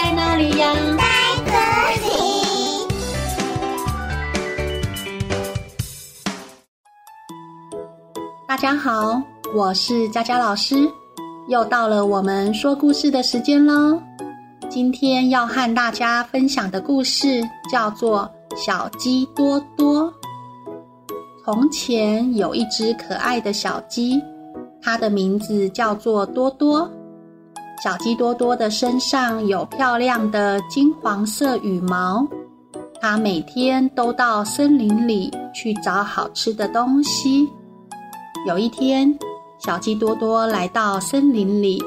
在哪裡呀？在這裡。大家好，我是佳佳老師，又到了我們說故事的時間嘍。今天要和大家分享的故事叫做《小雞多多》。從前有一隻可愛的小雞，它的名字叫做多多。小雞多多的身上有漂亮的金黃色羽毛，它每天都到森林裡去找好吃的東西。有一天，小雞多多來到森林裡，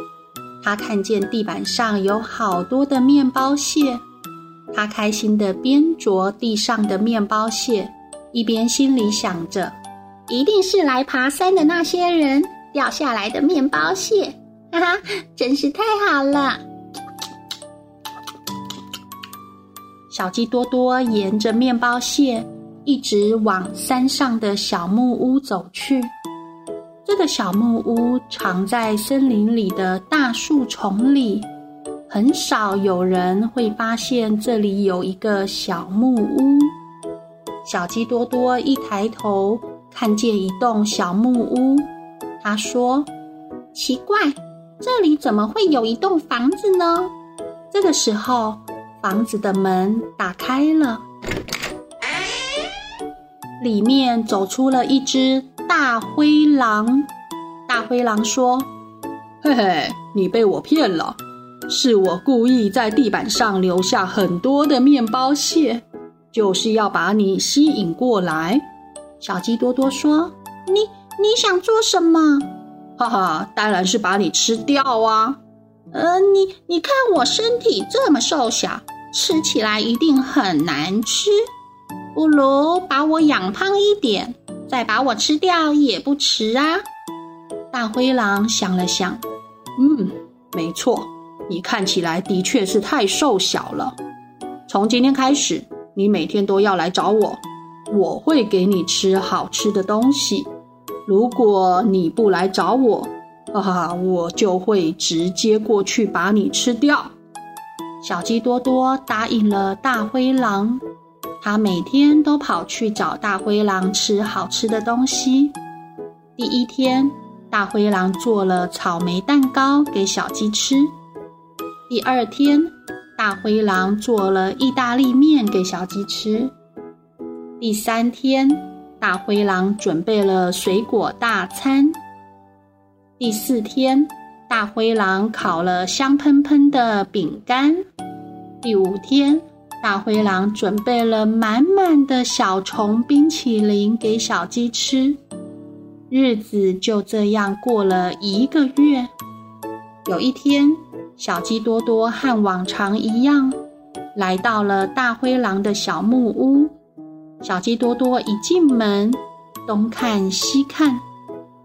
它看見地板上有好多的面包屑，它開心地邊啄地上的面包屑，一邊心裡想着：“一定是來爬山的那些人掉下來的面包屑。”哈哈、啊，真是太好了！小雞多多沿着麵包屑一直往山上的小木屋走去。這個小木屋藏在森林裡的大樹叢裡，很少有人會發現這裡有一個小木屋。小雞多多一抬頭，看見一棟小木屋，他說：“奇怪。”這裡怎麼會有一棟房子呢？這個時候，房子的門打開了，裡面走出了一隻大灰狼。大灰狼說：“嘿嘿，你被我騙了，是我故意在地板上留下很多的麵包屑，就是要把你吸引過來。”小雞多多說：“你你想做什麼？”哈哈，當然是把你吃掉啊！呃，你你看我身體這麼瘦小，吃起來一定很難吃。不如把我養胖一點，再把我吃掉也不遲啊！大灰狼想了想，嗯，沒錯，你看起來的確是太瘦小了。從今天開始，你每天都要來找我，我會給你吃好吃的東西。如果你不來找我，哈哈，我就會直接過去把你吃掉。小雞多多答應了大灰狼，它每天都跑去找大灰狼吃好吃的東西。第一天，大灰狼做了草莓蛋糕給小雞吃；第二天，大灰狼做了意大利麵給小雞吃；第三天。大灰狼準備了水果大餐。第四天，大灰狼烤了香噴噴的餅乾。第五天，大灰狼準備了滿滿的小蟲冰淇淋給小雞吃。日子就這樣過了一個月。有一天，小雞多多和往常一樣，來到了大灰狼的小木屋。小雞多多一進門，東看西看，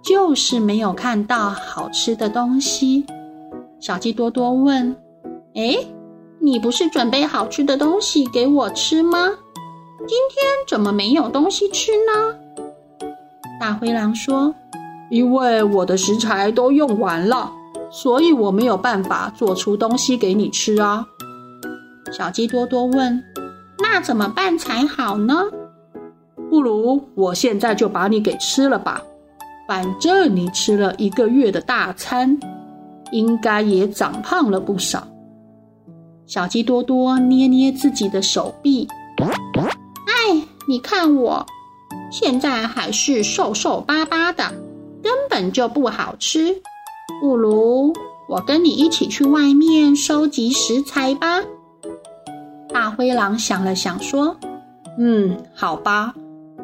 就是沒有看到好吃的東西。小雞多多問：“誒，你不是準備好吃的東西給我吃嗎？今天怎麼沒有東西吃呢？”大灰狼說：“因為我的食材都用完了，所以我沒有辦法做出東西給你吃啊。”小雞多多問：“那怎麼辦才好呢？”不如我現在就把你給吃了吧，反正你吃了一個月的大餐，應該也長胖了不少。小雞多多捏捏自己的手臂，哎，你看我，現在還是瘦瘦巴巴的，根本就不好吃。不如我跟你一起去外面收集食材吧。大灰狼想了想說：“嗯，好吧。”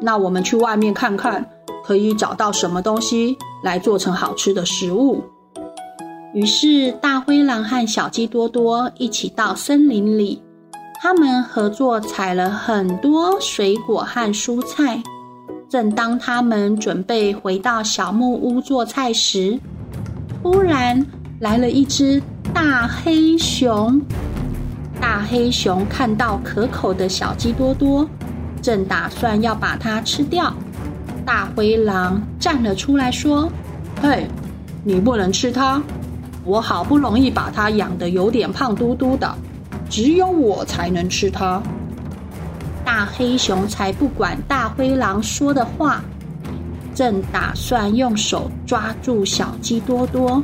那我們去外面看看，可以找到什麼東西來做成好吃的食物。於是，大灰狼和小雞多多一起到森林裡，他們合作採了很多水果和蔬菜。正當他們準備回到小木屋做菜時，突然來了一隻大黑熊。大黑熊看到可口的小雞多多。正打算要把它吃掉，大灰狼站了出來，說：“嘿，你不能吃它！我好不容易把它養得有點胖嘟嘟的，只有我才能吃它。”大黑熊才不管大灰狼說的話，正打算用手抓住小雞多多。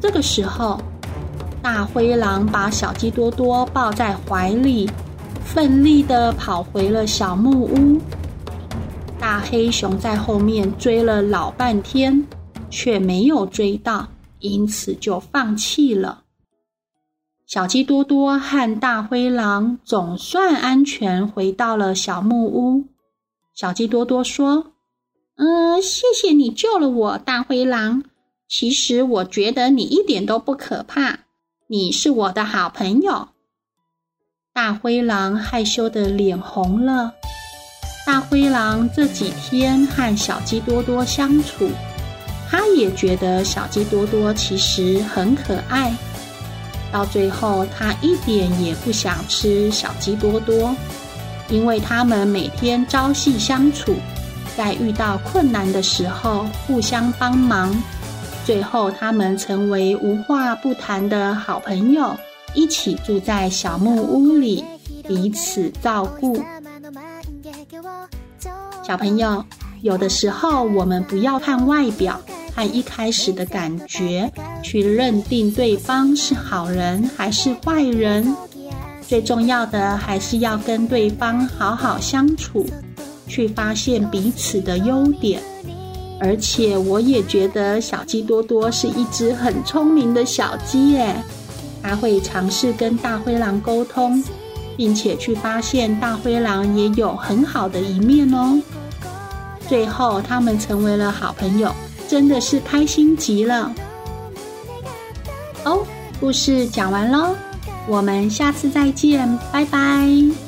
這個時候，大灰狼把小雞多多抱在懷裡。奮力的跑回了小木屋，大黑熊在後面追了老半天，卻沒有追到，因此就放棄了。小雞多多和大灰狼總算安全回到了小木屋。小雞多多說：“嗯，謝謝你救了我，大灰狼。其實我覺得你一點都不可怕，你是我的好朋友。”大灰狼害羞得臉紅了。大灰狼這幾天和小雞多多相處，他也覺得小雞多多其實很可愛。到最後，他一點也不想吃小雞多多，因為他們每天朝夕相處，在遇到困難的時候互相幫忙。最後，他們成為無話不談的好朋友。一起住在小木屋裡，彼此照顧。小朋友，有的時候我們不要看外表，看一開始的感覺，去認定對方是好人還是壞人。最重要的還是要跟對方好好相處，去發現彼此的優點。而且我也覺得小雞多多是一隻很聰明的小雞耶，誒他會嘗試跟大灰狼溝通，並且去發現大灰狼也有很好的一面哦。最後，他們成為了好朋友，真的是開心極了。哦，故事講完嘍，我們下次再見，拜拜。